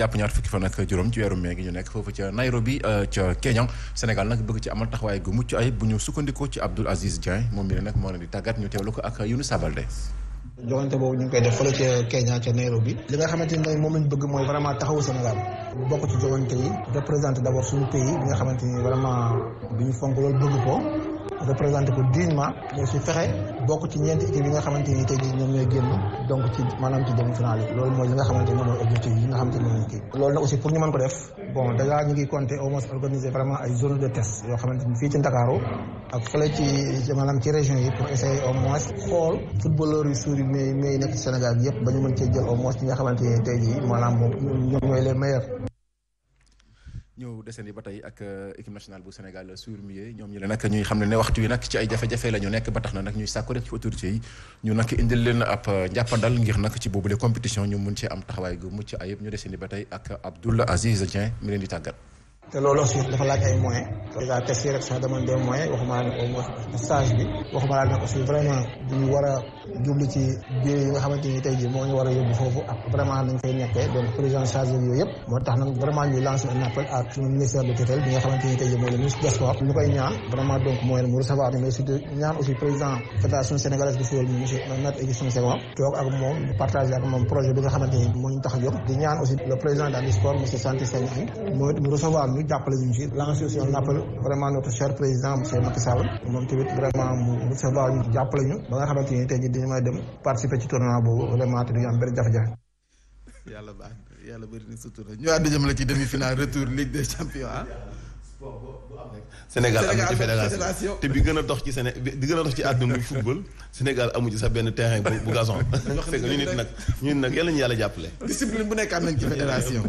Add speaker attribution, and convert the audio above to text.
Speaker 1: jàpp ñaar fukki fa ak juróom ci weeru mee gi ñu nekk foofu ca Nairobi euh, ca Kenya Sénégal nag bëgg ci amal taxawaay gu mucc ayib bu ñu sukkandikoo ci Abdoul Aziz Dieng moom mi ne nag moo leen tàggat ñu teewlu ko ak Younouss Sabalde
Speaker 2: joxante boobu ñu ngi koy def fële ca Kenya ca Nairobi li nga xamante ni moom lañ bëgg mooy vraiment taxawu Sénégal bokk ci joxante yi représenté d'abord suñu pays bi nga xamante ni vraiment bi ñu fonk loolu bëgg ko représenté ko dignement ñoo si fexe bokk ci ñeenti équipe yi nga xamante ni tey jii ñoom ñooy génn donc ci maanaam ci demi-finale loolu mooy li nga xamante ni moom mooy objectif yi nga xamante ni moom lañ kii loolu nag aussi pour ñu mën ko def bon déjà ñu ngi compté au moins organiser vraiment ay zone de test yoo xamante ni fii ci Ndakaaru ak fële ci maanaam ci région yi pour essayer au moins xool footballeurs yu suur yi mais mais nekk Sénégal bi yëpp ba ñu mën cee jël moins ñi nga xamante ni tey jii maanaam moom ñoom ñooy
Speaker 1: ñu desandi ba tey ak euh, équipe nationale bu Sénégal sur mieux ñoom ñu ne nag ñuy xam ne ne waxtu wi nag ci ay jafe-jafe la nekk ba tax na nag ñuy sàkk rek ci autorités yi ñu nag indil leen ab euh, njàppandal ngir nag ci boobu boobule compétition ñu mun cee am taxawaay gu mucc ayib ñu desandi ba tey ak Abdoul Aziz Dieng mi leen di tàggat.
Speaker 2: te loolu aussi dafa laaj ay moyens waxuma la ne au moins stage bi waxuma la ne aussi vraiment vraiment nañ nga xamante ni mooy le ministre toog ak moom ñu ak moom projet bi nga xamante ni tax a di ñaan aussi le président de la sport monsieur Santé Sène mu recevoir ñu ñu jàppale ñu ci lancer aussi un vraiment notre cher président monsieur Macky Sall moom tamit vraiment mu recevoir ñu ba nga xamante ni tey jii dañu may dem participer ci tournoi boobu vraiment te duñu am benn jafe-jafe yàlla baax yàlla
Speaker 1: bëri ci demi-finale retour Ligue des champions ah. bi gën a dox ci Séné bi gën a dox ci àdduna muy football Sénégal amu ci sax benn terrain
Speaker 2: bu bu gazon. ñu nit nag ñun nag yàlla ñu yàlla jàppale. discipline bu nekk am nañ ci fédération.